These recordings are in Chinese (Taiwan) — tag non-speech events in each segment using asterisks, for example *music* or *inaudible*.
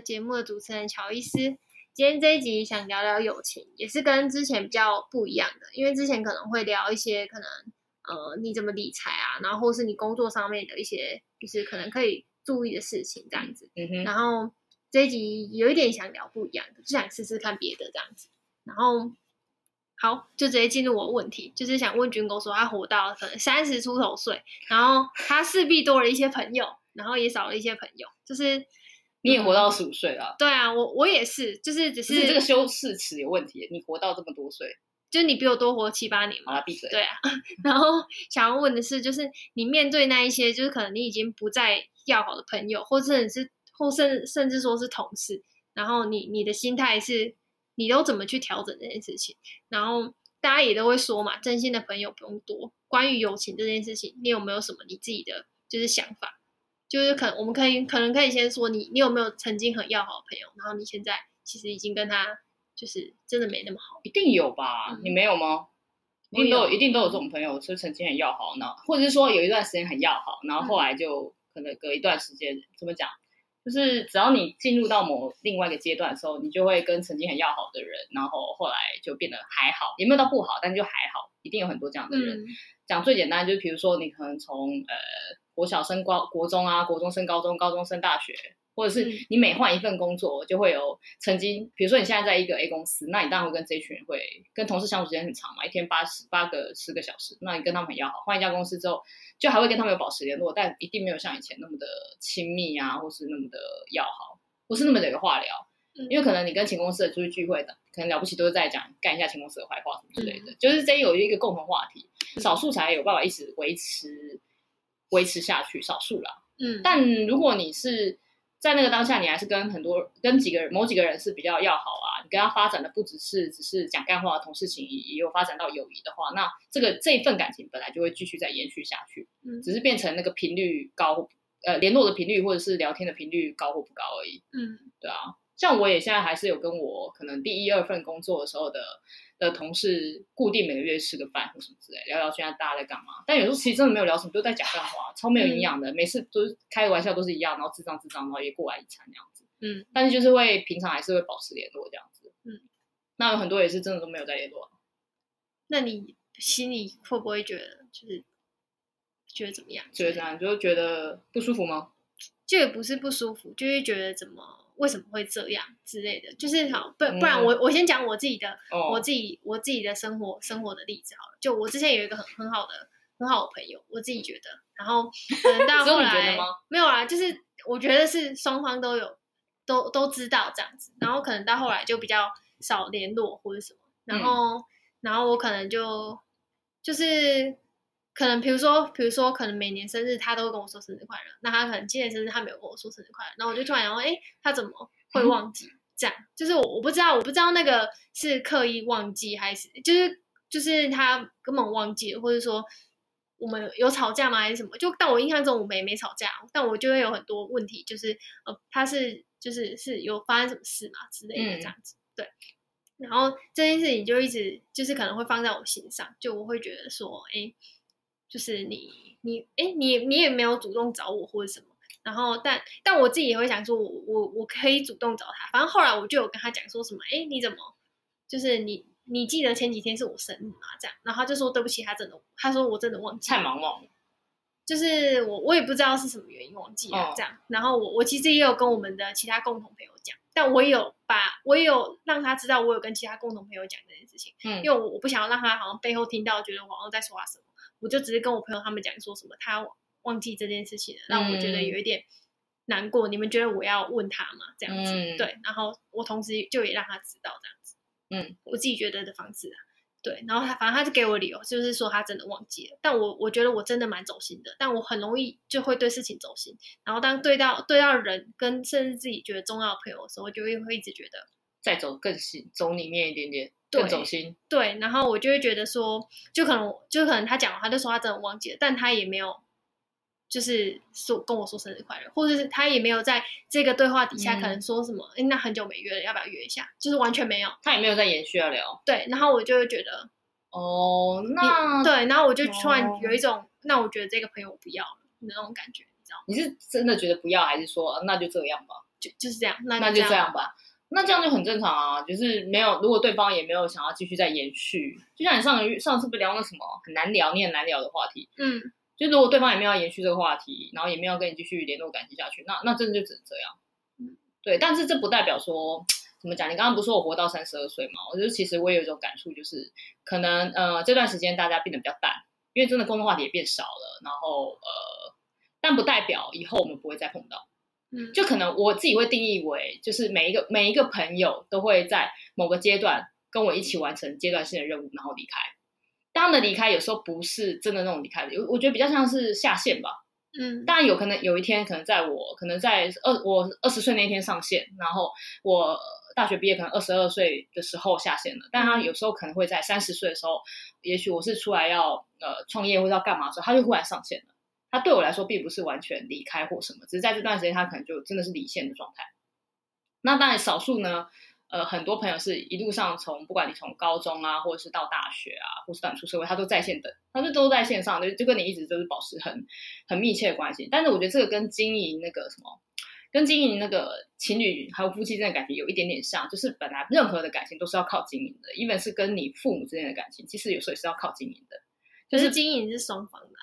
節目的主持人喬伊斯，今天這一集想聊聊友情，也是跟之前比較不一樣的，因為之前可能會聊一些可能呃你怎麼理財啊，然後或是你工作上面的一些就是可能可以注意的事情這樣子。嗯哼。然後這一集有一點想聊不一樣的，就想試試看別的這樣子。然後好，就直接進入我問題，就是想問軍哥說，他活到可能三十出頭歲，然後他勢必多了一些朋友，然後也少了一些朋友，就是。你也活到十五歲了，對啊，我我也是，就是只是，是這個修飾詞有問題。你活到這麼多歲，就你比我多活七八年嘛。啊、閉嘴。對啊， *laughs* 然後想要問的是，就是你面對那一些，就是可能你已經不再要好的朋友，或者你是或甚甚至說是同事，然後你你的心態是，你都怎麼去調整這件事情？然後大家也都會說嘛，真心的朋友不用多。關於友情這件事情，你有沒有什麼你自己的就是想法？就是可，我們可以可能可以先說你，你有沒有曾經很要好的朋友？然後你現在其實已經跟他，就是真的沒那麼好。一定有吧？你沒有嗎？嗯、一定都有有一定都有這種朋友，嗯、是不是曾經很要好呢，或者是說有一段時間很要好，然後後來就可能隔一段時間，嗯、怎麼講？就是只要你進入到某另外一個階段的時候，你就會跟曾經很要好的人，然後後來就變得還好，也沒有到不好，但就還好。一定有很多這樣的人。講、嗯、最簡單，就是，比如說你可能從呃。國小升高，國中啊，國中升高中，高中升大學，或者是你每換一份工作，就會有曾經，比如說你現在在一個 A 公司，那你當然會跟這一群人會跟同事相處時間很長嘛，一天八十八個十個小時，那你跟他們很要好，換一家公司之後，就還會跟他們有保持聯絡，但一定沒有像以前那麼的親密啊，或是那麼的要好，不是那麼的有話聊，因為可能你跟前公司的出去聚會的，可能了不起都是在講幹一下前公司的壞話什麼之類的，嗯、就是這有一個共同話題，少數才有辦法一直維持。維持下去，少數啦。嗯，但如果你是在那個當下，你還是跟很多、跟幾個人、某幾個人是比較要好啊。你跟他發展的不只是只是講幹話，同事情也有發展到友誼的話，那這個這一份感情本來就會繼續再延續下去，嗯，只是變成那個頻率高，呃，聯絡的頻率或者是聊天的頻率高或不高而已。嗯，對啊，像我也現在還是有跟我可能第一二份工作的時候的。的同事固定每個月吃個飯或什麼之類，聊聊現在大家在幹嘛。但有時候其實真的沒有聊什麼，都在講幹話，超沒有營養的。嗯、每次都是開個玩笑都是一樣，然後智障智障，然後也過來一餐那樣子。嗯，但是就是會平常還是會保持聯絡這樣子。嗯，那有很多也是真的都沒有在聯絡。嗯。那你心裡會不會覺得，就是覺得怎麼樣？覺得這樣，就是覺得不舒服嗎？就也不是不舒服，就是覺得怎麼。為什麼會這樣之類的，就是好不不然我，嗯、我先講我自己的，哦、我自己我自己的生活生活的例子好了。就我之前有一個很很好的很好的朋友，我自己覺得，然後可能到後來 *laughs* 沒有啊，就是我覺得是雙方都有都都知道這樣子，然後可能到後來就比較少聯絡或者什麼，然後、嗯、然後我可能就就是。可能比如說，比如說，可能每年生日他都會跟我說生日快樂。那他可能今年生日他沒有跟我說生日快樂，然後我就突然然後誒他怎麼會忘記？嗯、這樣就是我我不知道，我不知道那個是刻意忘記還是就是就是他根本忘記，或者說我們有，有吵架嗎？還是什麼？就但我印象中我沒沒吵架，但我就會有很多問題，就是呃，他是就是是有發生什麼事嘛之類的這樣子。嗯、對，然後這件事情就一直就是可能會放在我心上，就我會覺得說誒、欸就是你你哎，你你也沒有主動找我或者什麼，然後但但我自己也會想說我我我可以主動找他，反正後來我就有跟他講說什麼哎，你怎麼就是你你記得前幾天是我生日嘛，這樣，然後他就說對不起他真的他說我真的忘記太忙了，就是我我也不知道是什麼原因忘記了，哦，這樣，然後我我其實也有跟我們的其他共同朋友講，但我也有把我也有讓他知道我有跟其他共同朋友講這件事情，嗯、因為我我不想要讓他好像背後聽到覺得我在說他什麼。我就只是跟我朋友他們講，說什麼他忘記這件事情了，嗯、讓我覺得有一點難過。你們覺得我要問他嗎？這樣子，嗯、對。然後我同時就也讓他知道這樣子。嗯，我自己覺得的方式，對。然後他反正他是給我理由，就是說他真的忘記了。但我我覺得我真的蠻走心的，但我很容易就會對事情走心。然後當對到對到人跟甚至自己覺得重要的朋友的時候，我就會會一直覺得再走更心，走裡面一點點。對，走心，對。然後我就會覺得說，就可能，就可能他講完，他就說他真的忘記了，但他也沒有，就是說跟我說生日快樂，或者是他也沒有在這個對話底下可能說什麼，哎、嗯欸，那很久沒約了，要不要約一下？就是完全沒有，他也沒有在延續要聊。對，然後我就會覺得，哦，那對，然後我就突然有一種，哦、那我覺得這個朋友我不要了的那種感覺，你知道嗎？你是真的覺得不要，還是說那就這樣吧？就就是這樣，那就這樣，那就這樣吧。那這樣就很正常啊，就是沒有，如果對方也沒有想要繼續再延續，就像你上個月上次不聊那什麼很難聊，你也難聊的話題，嗯，就如果對方也沒有延續這個話題，然後也沒有跟你繼續聯絡感情下去，那那真的就只能這樣，嗯，對。但是這不代表說怎麼講，你剛剛不是說我活到三十二歲嘛？我覺得其實我也有一種感觸，就是可能呃這段時間大家變得比較淡，因為真的共同話題也變少了，然後呃，但不代表以後我們不會再碰到。嗯，就可能我自己會定義為，就是每一個每一個朋友都會在某個階段跟我一起完成階段性的任務，然後離開。當然的離開有時候不是真的那種離開的，有我覺得比較像是下線吧。嗯，當然有可能有一天可能在我，可能在我可能在二我二十歲那一天上線，然後我大學畢業可能二十二歲的時候下線了。但他有時候可能會在三十歲的時候，也許我是出來要呃創業或者要幹嘛的時候，他就忽然上線了。他對我來說並不是完全離開或什麼，只是在這段時間他可能就真的是離線的狀態。那當然少數呢，呃，很多朋友是一路上從不管你從高中啊，或者是到大學啊，或者是到你出社會，他都在線等，他就都在線上，就就跟你一直就是保持很很密切的關係。但是我覺得這個跟經營那個什麼，跟經營那個情侶還有夫妻之間的感情有一點點像，就是本來任何的感情都是要靠經營的，即使是跟你父母之間的感情，其實有時候也是要靠經營的，就是經營是雙方的。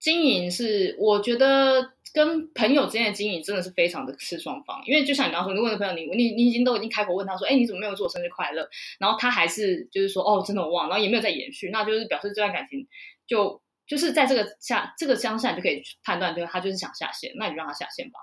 經營是，我覺得跟朋友之間的經營真的是非常的視雙方，因為就像你剛剛說，如果你的朋友，你你你，已經都已經開口問他說，哎，你怎麼沒有祝我生日快樂？然後他還是就是說，哦，真的我忘了，然後也沒有再延續，那就是表示這段感情就就是在這個下這個鄉下你就可以判斷，就是他就是想下線，那你就讓他下線吧。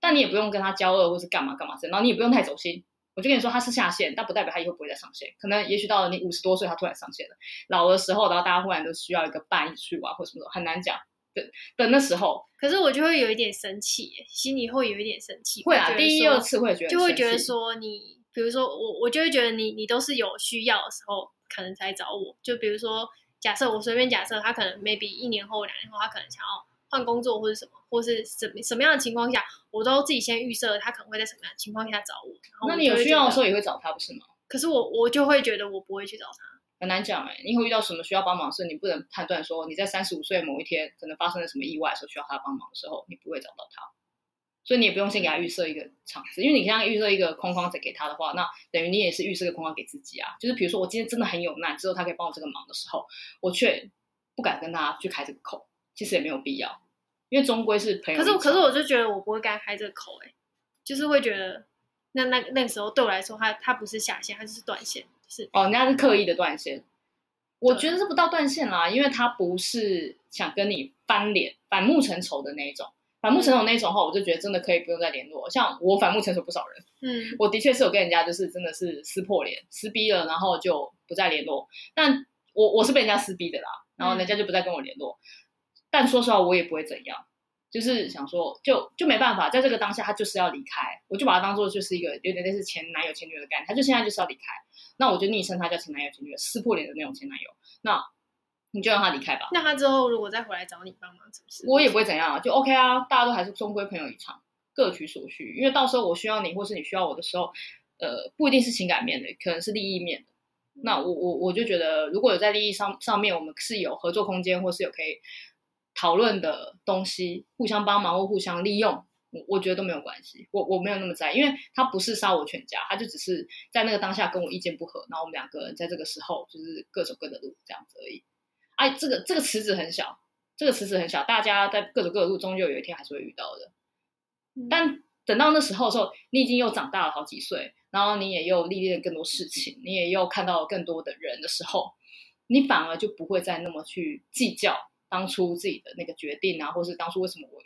但你也不用跟他交惡，或是幹嘛幹嘛，然後你也不用太走心。我就跟你說，他是下線，但不代表他以後不會再上線。可能也許到了你五十多歲，他突然上線了，老的時候，然後大家忽然都需要一個伴去玩或什麼的，很難講。等的那時候，可是我就會有一點生氣，心裡會有一點生氣。會啊，第一次、第二次會覺得，就會覺得說你，比如說我，我就會覺得你，你都是有需要的時候可能才找我。就比如說，假設我隨便假設，他可能 maybe 一年後、兩年後，他可能想要換工作或者什麼，或是什麼什麼樣的情況下，我都自己先預設他可能會在什麼樣的情況下找我。然後我那你有需要的時候也會找他不是嗎？可是我我就會覺得我不會去找他。很難講哎、欸，因為遇到什麼需要幫忙的事，你不能判斷說，你在三十五歲某一天可能發生了什麼意外的時候，需要他幫忙的時候，你不會找到他，所以你也不用先給他預設一個場子，因為你現在預設一個框框在給他的話，那等於你也是預設個框框給自己啊。就是比如說我今天真的很有難，只有他可以幫我這個忙的時候，我卻不敢跟他去開這個口，其實也沒有必要，因為終歸是朋友。可是我可是我就覺得我不會跟他開這個口哎、欸，就是會覺得那那那個時候對我來說，他他不是下線，他就是斷線。是哦，人家是刻意的斷線，嗯、我覺得是不到斷線啦，對因為他不是想跟你翻臉、反目成仇的那一種，反目成仇那一種的話，嗯、我就覺得真的可以不用再聯絡。像我反目成仇不少人，嗯，我的確是有跟人家就是真的是撕破臉、撕逼了，然後就不再聯絡。但我我是被人家撕逼的啦，嗯、然後人家就不再跟我聯絡。嗯、但說實話，我也不會怎樣，就是想說就就沒辦法，在這個當下，他就是要離開，我就把他當做就是一個有點類似前男友前女友的感覺，他就現在就是要離開。那我就昵稱他叫前男友、前女友，撕破臉的那種前男友。那你就讓他離開吧。那他之後如果再回來找你幫忙，是不是？我也不會怎樣啊，就 OK 啊。大家都還是終歸朋友一場，各取所需。因為到時候我需要你，或是你需要我的時候，呃，不一定是情感面的，可能是利益面的。那我我我就覺得，如果有在利益上上面，我們是有合作空間，或是有可以討論的東西，互相幫忙或互相利用。我我覺得都沒有關係，我我沒有那麼在意，因為他不是殺我全家，他就只是在那個當下跟我意見不合，然後我們兩個人在這個時候就是各走各的路這樣子而已。哎、啊，這個這個池子很小，這個池子很小，大家在各走各的路，終究有一天還是會遇到的。但等到那時候的時候，你已經又長大了好幾歲，然後你也又歷練更多事情，你也又看到了更多的人的時候，你反而就不會再那麼去計較當初自己的那個決定啊，或是當初為什麼我。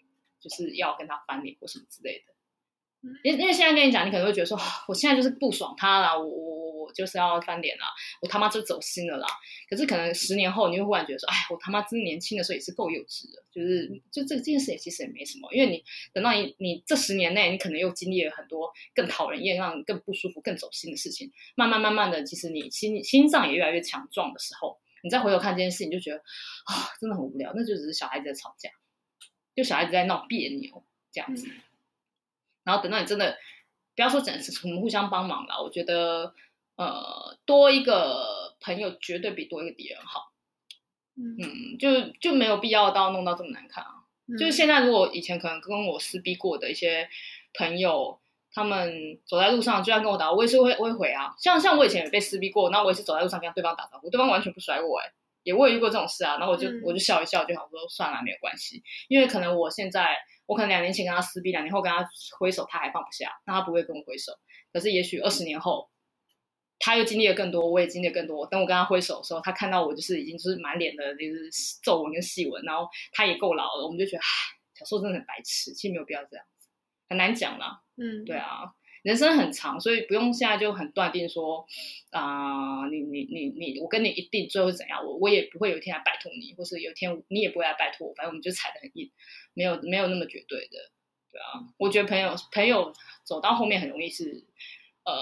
就是要跟他翻臉或什麼之類的，因因為現在跟你講，你可能會覺得說，我現在就是不爽他啦，我我我我就是要翻臉啦，我他媽就走心了啦。可是可能十年後，你又忽然覺得說，哎，我他媽真年輕的時候也是夠幼稚的，就是就這個這件事也其實也沒什麼。因為你等到你你這十年內，你可能又經歷了很多更討人厭、讓更不舒服、更走心的事情。慢慢慢慢的，其實你心心臟也越來越強壯的時候，你再回頭看這件事情，你就覺得啊，真的很無聊，那就只是小孩子在吵架。就小孩子在鬧彆扭這樣子，嗯、然後等到你真的不要說整是從互相幫忙了，我覺得呃多一個朋友絕對比多一個敵人好，嗯，嗯，就就沒有必要到要弄到這麼難看啊。嗯、就是現在，如果以前可能跟我撕逼過的一些朋友，他們走在路上居然跟我打，我也是會會回啊。像像我以前也被撕逼過，那我也是走在路上跟對方打招呼，我對方完全不甩我誒、欸也我也遇過這種事啊，然後我就、嗯、我就笑一笑，就想說算了，沒有關係，因為可能我現在，我可能兩年前跟他撕逼，兩年後跟他揮手，他還放不下，那他不會跟我揮手。可是也許二十年後，他又經歷了更多，我也經歷了更多，等我跟他揮手的時候，他看到我就是已經是滿臉的就是皺紋跟細紋，然後他也夠老了，我們就覺得，唉，小時候真的很白痴，其實沒有必要這樣子，很難講啦，嗯，對啊。人生很長，所以不用現在就很斷定說，啊、呃，你你你你，我跟你一定最後是怎樣，我我也不會有一天來拜托你，或是有一天你也不會來拜托我，反正我們就踩得很硬，沒有沒有那麼絕對的，對啊，我覺得朋友朋友走到後面很容易是，呃，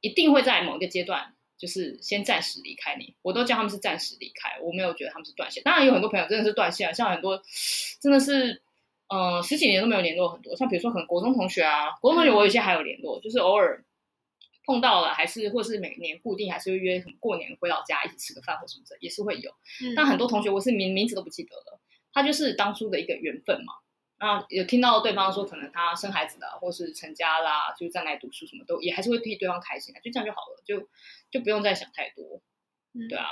一定會在某一個階段就是先暫時離開你，我都叫他們是暫時離開，我沒有覺得他們是斷線，當然有很多朋友真的是斷線，像很多真的是。嗯，十幾年都沒有聯絡很多，像比如說可能國中同學啊，國中同學我有些還有聯絡，嗯、就是偶爾碰到了，還是或是每年固定還是會約，過年回老家一起吃個飯或者什麼的也是會有。嗯、但很多同學我是名名字都不記得了，他就是當初的一個緣分嘛。那、啊、有聽到對方說可能他生孩子啦，嗯、或是成家啦、啊，就再來讀書什麼都也還是會替對方開心啊，就這樣就好了，就就不用再想太多。嗯、對啊，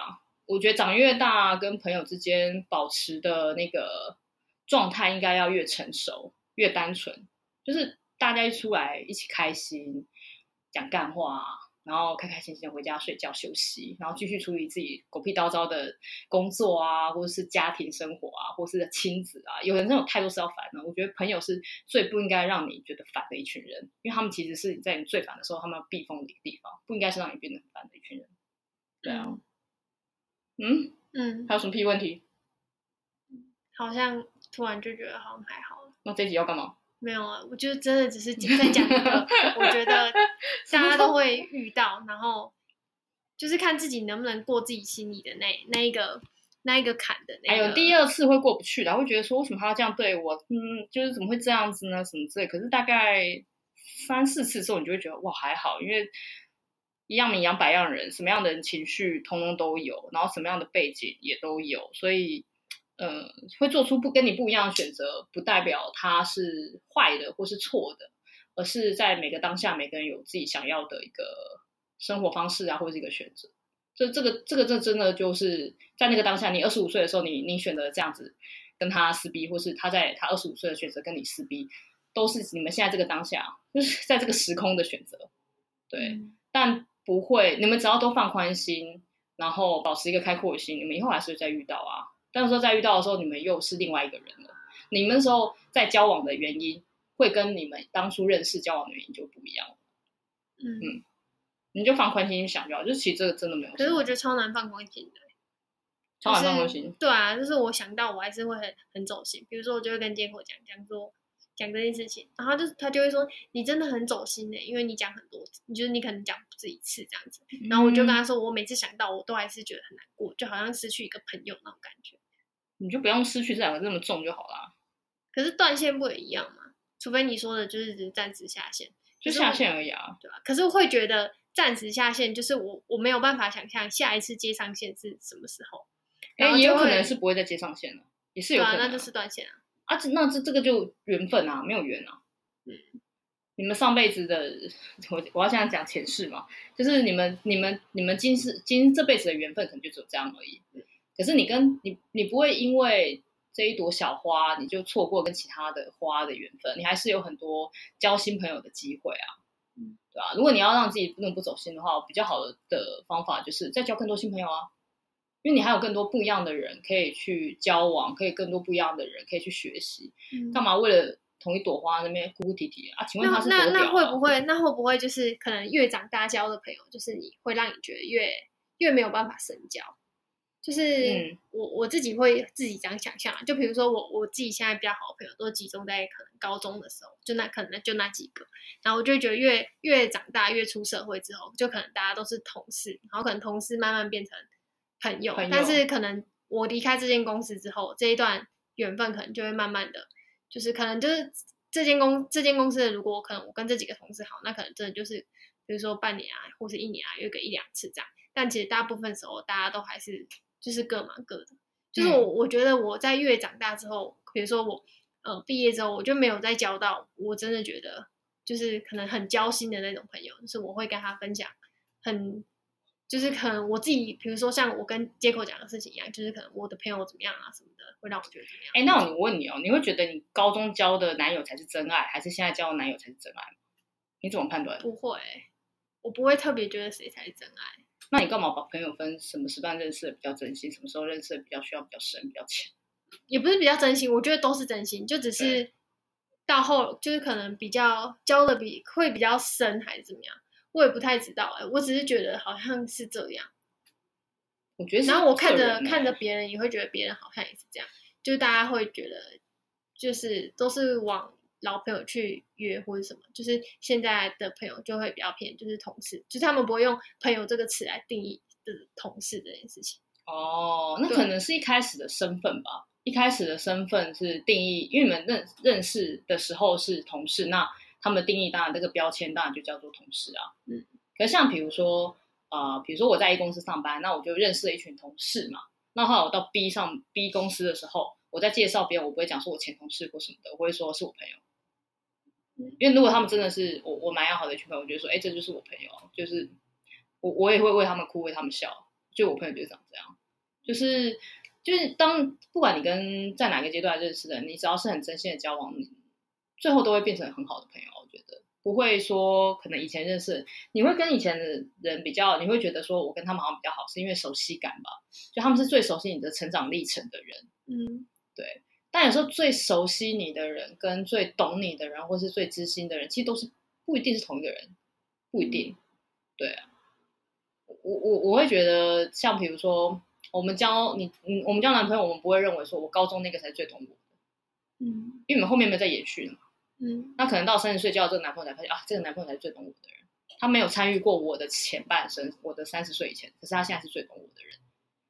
我覺得長越大跟朋友之間保持的那個。狀態應該要越成熟越單純，就是大家一出來一起開心，講幹話，然後開開心心回家睡覺休息，然後繼續處理自己狗屁叨叨的工作啊，或者是家庭生活啊，或是親子啊，有人這種態度是要煩的，我覺得朋友是最不應該讓你覺得煩的一群人，因為他們其實是你在你最煩的時候，他們要避風的一個地方，不應該是讓你變得很煩的一群人。對啊，嗯嗯，嗯還有什麼屁問題？好像。突然就覺得好像還好，那這集要幹嘛？沒有啊，我就真的只是在講一、那個， *laughs* 我覺得大家都會遇到，然後就是看自己能不能過自己心裡的那那一個那一個坎的、那個。哎呦，第二次會過不去的，會覺得說為什麼他要這樣對我？嗯，就是怎麼會這樣子呢？什麼之類的。可是大概三四次之後，你就會覺得哇還好，因為一樣米養百樣人，什麼樣的人情緒通通都有，然後什麼樣的背景也都有，所以。呃、嗯，會做出不跟你不一樣的選擇，不代表他是壞的或是錯的，而是在每個當下，每個人有自己想要的一個生活方式啊，或者一個選擇。這、這個、這個、這真的就是在那個當下，你二十五歲的時候你，你你選擇這樣子跟他撕逼，或是他在他二十五歲的選擇跟你撕逼，都是你們現在這個當下，就是在這個時空的選擇，對。嗯、但不會，你們只要都放寬心，然後保持一個開闊的心，你們以後還是會再遇到啊。但是說再遇到的時候，你們又是另外一個人了。你們的時候在交往的原因，會跟你們當初認識交往的原因就不一樣了。嗯、嗯你就放寬心想就好。就其實這個真的沒有。可是我覺得超難放寬心的。超難放寬心。對啊，就是我想到我還是會很很走心。比如說我就會跟 Jingle 講講說講這件事情，然後他就他就會說你真的很走心呢。欸，因為你講很多，你覺得你可能講不止一次這樣子。嗯、然後我就跟他說，我每次想到我都還是覺得很難過，就好像失去一個朋友那種感覺。你就不用失去這兩個那麼重就好啦。可是斷線不也一樣嗎？除非你說的就是暫時下線，就下線而已啊。對吧？可是我會覺得暫時下線，就是我我沒有辦法想象下一次接上線是什麼時候。欸、然後也有可能是不會再接上線了，也是有可能，啊啊。那就是斷線啊。啊，那這這個就緣分啊，沒有緣啊。嗯。你們上輩子的，我我要現在講前世嘛，就是你們你們你們今世今這輩子的緣分可能就只有這樣而已。可是你跟你你不會因為這一朵小花，你就錯過跟其他的花的緣分，你還是有很多交新朋友的機會啊，嗯，對吧？如果你要讓自己不能不走心的話，比較好的方法就是再交更多新朋友啊，因為你還有更多不一樣的人可以去交往，可以更多不一樣的人可以去學習，嗯、幹嘛為了同一朵花那邊哭哭啼啼，啼啊？請問他是多屌、啊、那那會不會對那會不會就是可能越長大交的朋友，就是你會讓你覺得越越沒有辦法深交？就是我、嗯、我自己會自己這樣想像，就比如說我我自己現在比較好的朋友都集中在可能高中的時候，就那可能就那幾個，然後我就覺得越越長大越出社會之後，就可能大家都是同事，然後可能同事慢慢變成朋友，朋友但是可能我離開這間公司之後，這一段緣分可能就會慢慢的就是可能就是這間公這間公司如果可能我跟這幾個同事好，那可能真的就是比如說半年啊或是一年啊約個一兩次這樣，但其實大部分時候大家都還是。就是各忙各的，就是我我覺得我在越長大之後，嗯、比如說我，呃、嗯，畢業之後我就沒有再交到我真的覺得就是可能很交心的那種朋友，就是我會跟他分享，很，就是可能我自己，比如說像我跟 Jingle 講的事情一樣，就是可能我的朋友怎麼樣啊什麼的，會讓我覺得怎麼樣。哎，那我問你哦，你會覺得你高中交的男友才是真愛，還是現在交的男友才是真愛？你怎麼判斷？不會，我不會特別覺得誰才是真愛。那你幹嘛把朋友分什麼時段認識的比較真心，什麼時候認識的比較需要比較深、比較淺？也不是比較真心，我覺得都是真心，就只是到後就是可能比較交的比會比較深還是怎麼樣，我也不太知道、欸。哎，我只是覺得好像是這樣。我覺得，然後我看着、嗯、看着別人，也會覺得別人好看，也是這樣，就是大家會覺得就是都是往。老朋友去約或者什麼，就是現在的朋友就會比較偏，就是同事，就是他們不會用“朋友”這個詞來定義的、呃、同事這件事情。哦，那可能是一開始的身份吧。對一開始的身份是定義，因為你們認認識的時候是同事，那他們定義當然這、那個標籤當然就叫做同事啊。嗯。可是像比如說啊、呃，比如說我在 A 公司上班，那我就認識了一群同事嘛。那後來我到 B 上 B 公司的時候，我在介紹別人，我不會講說我前同事或什麼的，我會說是我朋友。因為如果他們真的是我，我蠻要好的一群朋友，我覺得說，哎、欸，這就是我朋友，就是我，我也會為他們哭，為他們笑。就我朋友就長這樣，就是就是當不管你跟在哪個階段認識的，你只要是很真心的交往，你最後都會變成很好的朋友。我覺得不會說可能以前認識，你會跟以前的人比較，你會覺得說我跟他們好像比較好，是因為熟悉感吧？就他們是最熟悉你的成長歷程的人。嗯，對。但有時候最熟悉你的人，跟最懂你的人，或是最知心的人，其實都是不一定是同一個人，不一定，對啊，我我我會覺得像比如說我們交你，你，我們交男朋友，我們不會認為說我高中那個才是最懂我的，嗯，因為你們後面沒有在延續嘛，嗯，那可能到三十歲交這個男朋友才發現啊，這個男朋友才是最懂我的人，他沒有參與過我的前半生，我的三十歲以前，可是他現在是最懂我的人，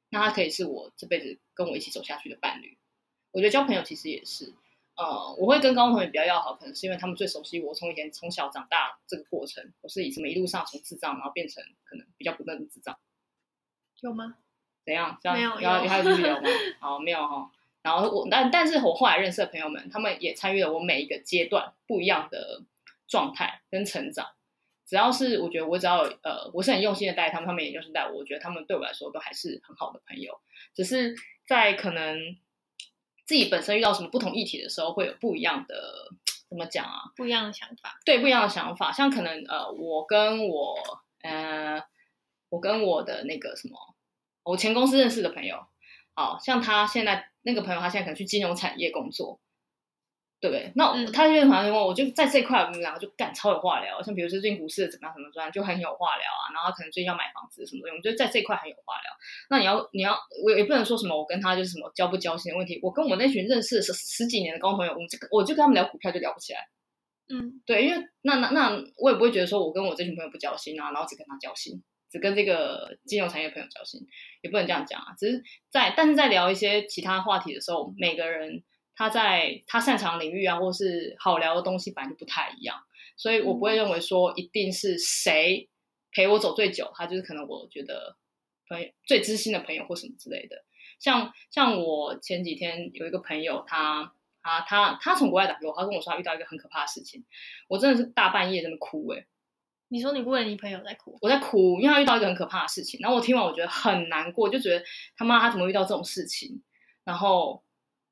那他可以是我這輩子跟我一起走下去的伴侶。我覺得交朋友其實也是，呃，我會跟高中同學比較要好，可能是因為他們最熟悉我，我從以前從小長大這個過程。我是以什麼一路上從智障，然後變成可能比較不那麼智障，有嗎？怎樣？這樣沒有，有。然後就開始聊嗎？好，沒有哈、哦。然後我，但但是我後來認識的朋友們，他們也參與了我每一個階段不一樣的狀態跟成長。只要是我覺得我只要呃，我是很用心的帶他們，他們也用心帶我。我覺得他們對我來說都還是很好的朋友，只是在可能。自己本身遇到什麼不同議題的時候，會有不一樣的怎麼講啊？不一樣的想法，對，不一樣的想法。像可能呃，我跟我呃，我跟我的那個什麼，我前公司認識的朋友，好像他現在那個朋友，他現在可能去金融產業工作。對不對？那他就是好像因為我就在這塊，我們兩個就敢超有話聊。像比如說最近股市怎麼樣，怎麼怎麼樣，就很有話聊啊。然後可能最近要買房子什麼的，我們就在這塊很有話聊。那你要你要，我也不能說什麼，我跟他就是什麼交不交心的問題。我跟我那群認識十十幾年的高中朋友，我就我就跟他們聊股票就聊不起來。嗯，對，因為那那那我也不會覺得說我跟我這群朋友不交心啊，然後只跟他交心，只跟這個金融產業的朋友交心，也不能這樣講啊。只是在但是在聊一些其他話題的時候，嗯、每個人。他在他擅長領域啊，或是好聊的東西，本來就不太一樣，所以我不會認為說，一定是誰陪我走最久，他就是可能我覺得朋友最知心的朋友或什麼之類的。像像我前幾天有一個朋友他，他啊他他從國外打給我，他跟我說，他遇到一個很可怕的事情，我真的是大半夜真的哭哎、欸。你說你為你朋友在哭，我在哭，因為他遇到一個很可怕的事情。然後我聽完我覺得很難過，就覺得他媽他怎麼遇到這種事情，然後。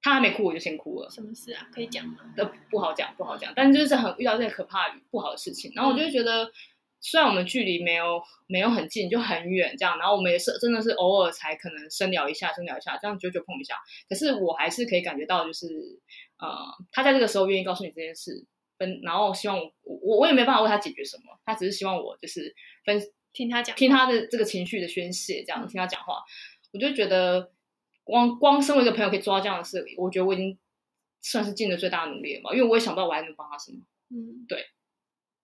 他還沒哭，我就先哭了。什麼事啊？可以講嗎？呃，不好講，不好講。但就是很遇到這些可怕、不好的事情，然後我就覺得，雖然我們距離沒有沒有很近，就很遠這樣，然後我們也是真的是偶爾才可能深聊一下，深聊一下，這樣久久碰一下。可是我還是可以感覺到，就是呃，他在這個時候願意告訴你這件事，分，然後希望我我我也沒辦法為他解決什麼，他只是希望我就是分聽他講，聽他的這個情緒的宣泄，這樣聽他講話，我就覺得。光光身為一個朋友可以做到這樣的事，我覺得我已經算是盡了最大的努力了嘛。因為我也想不到我還能幫他什麼。嗯，對。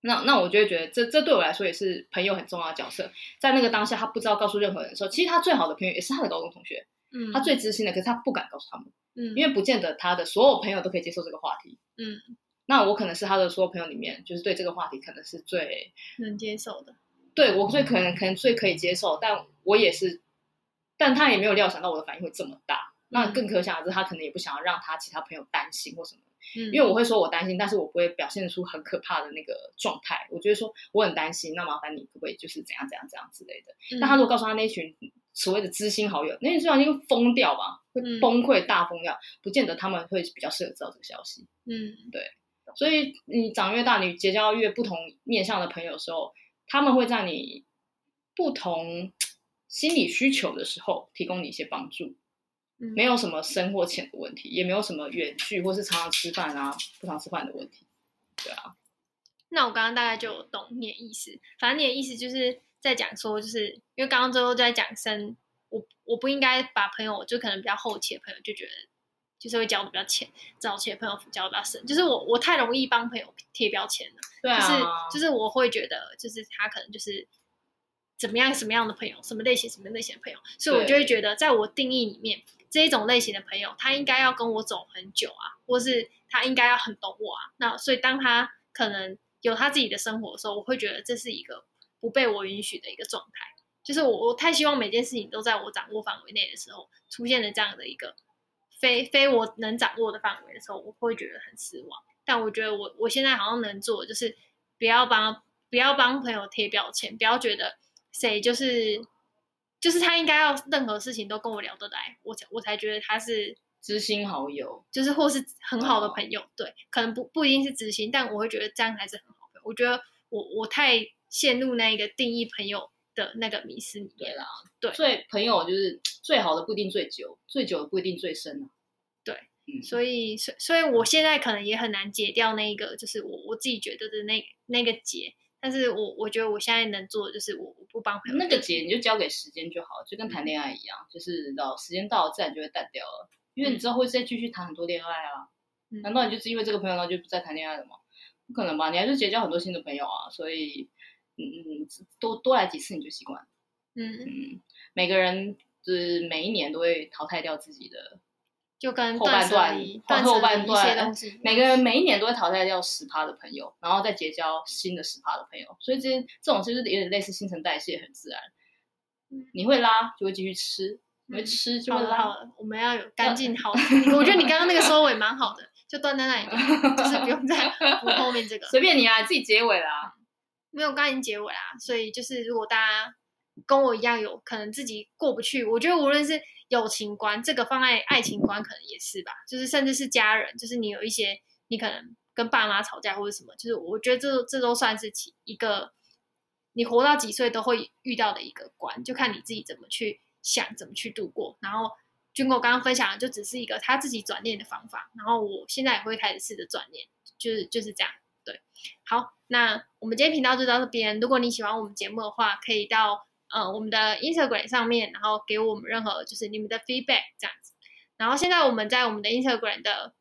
那那我就會覺得，覺得這這對我來說也是朋友很重要的角色。在那個當下，他不知道告訴任何人的時候，其實他最好的朋友也是他的高中同學。嗯，他最知心的，可是他不敢告訴他們。嗯，因為不見得他的所有朋友都可以接受這個話題。嗯，那我可能是他的所有朋友裡面，就是對這個話題可能是最能接受的。對，我最可能、嗯、可能最可以接受，但我也是。但他也沒有料想到我的反應會這麼大，那更可想而知，他可能也不想要讓他其他朋友擔心或什麼。嗯、因為我會說我擔心，但是我不會表現出很可怕的那個狀態。我覺得說我很擔心，那麻煩你可不可以就是怎樣怎樣怎樣之類的。嗯、但他如果告訴他那群所謂的知心好友，那至少會瘋掉吧，會崩潰大瘋掉，嗯、不見得他們會比較適合知到這個消息。嗯，對。所以你長越大，你結交越不同面向的朋友的時候，他們會在你不同。心理需求的時候，提供你一些幫助，嗯，沒有什麼深或淺的問題，嗯、也沒有什麼遠距或是常常吃飯啊、不常吃飯的問題。對啊。那我剛剛大概就懂你的意思，反正你的意思就是在講說，就是因為剛剛最後在講深，我我不應該把朋友，就可能比較後期的朋友就覺得，就是會交的比較淺，早期的朋友交的比較深，就是我我太容易幫朋友貼標籤了，對啊、就就是我會覺得，就是他可能就是。怎麼樣？什麼樣的朋友？什麼類型？什麼類型的朋友？所以，我就會覺得，在我定義裡面，對這一種類型的朋友，他應該要跟我走很久啊，或是他應該要很懂我啊。那所以，當他可能有他自己的生活的時候，我會覺得這是一個不被我允許的一個狀態。就是我，我太希望每件事情都在我掌握範圍內的時候，出現了這樣的一個非非我能掌握的範圍的時候，我會覺得很失望。但我覺得我，我我現在好像能做的，就是不要幫不要幫朋友貼標籤，不要覺得。誰就是，就是他應該要任何事情都跟我聊得來，我才我才覺得他是知心好友，就是或是很好的朋友，哦、對，可能不不一定是知心，但我會覺得這樣還是很好的。我覺得我我太陷入那一個定義朋友的那個迷思裡面了。對啦，對，所以朋友就是最好的不一定最久，最久的不一定最深，啊、對，嗯、所以所以我現在可能也很難解掉那一個，就是我我自己覺得的那個、那個結。但是我我覺得我現在能做的就是我我不幫朋友那個結，你就交給時間就好，就跟談戀愛一樣，嗯、就是到時間到了自然就會淡掉了，因為你知道會再繼續談很多戀愛啊。嗯、難道你就是因為這個朋友，那就不再談戀愛了嗎？不可能吧，你還是結交很多新的朋友啊。所以，嗯，多多來幾次你就習慣了，嗯嗯，每個人就是每一年都會淘汰掉自己的。就跟斷捨離、斷捨離，每個人每一年都會淘汰掉十趴的朋友，對然後再結交新的十趴的朋友，所以這些這種其實有點類似新陳代謝，很自然。你會拉就會繼續吃，嗯、你會吃就會拉。好了好了。我們要有乾淨好。啊、我覺得你剛剛那個收尾蠻好的， *laughs* 就斷在那裡就，就是不用再補 *laughs* 後面這個。隨便你啊，自己結尾啦。沒有，我剛，剛已經結尾啦。所以就是，如果大家跟我一樣有，有可能自己過不去，我覺得無論是。友情觀這個放在愛情觀可能也是吧，就是甚至是家人，就是你有一些你可能跟爸媽吵架或者什麼，就是我覺得這這都算是一個你活到幾歲都會遇到的一個關，就看你自己怎麼去想怎麼去度過。然後 Jingle 剛剛分享的就只是一個他自己轉念的方法，然後我現在也會開始試着轉念，就是就是這樣。對，好，那我們今天頻道就到這邊。如果你喜歡我們節目的話，可以到。呃，我們的 Instagram 上面，然後給我們任何就是你們的 feedback 這樣子。然後現在我們在我們的 Instagram 的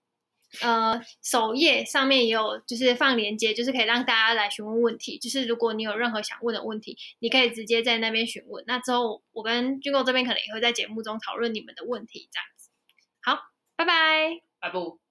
呃首頁上面也有，就是放連接，就是可以讓大家來詢問問題。就是如果你有任何想問的問題，你可以直接在那邊詢問。那之後我跟 Jingle 這邊可能也會在節目中討論你們的問題這樣子。好，拜拜，拜拜。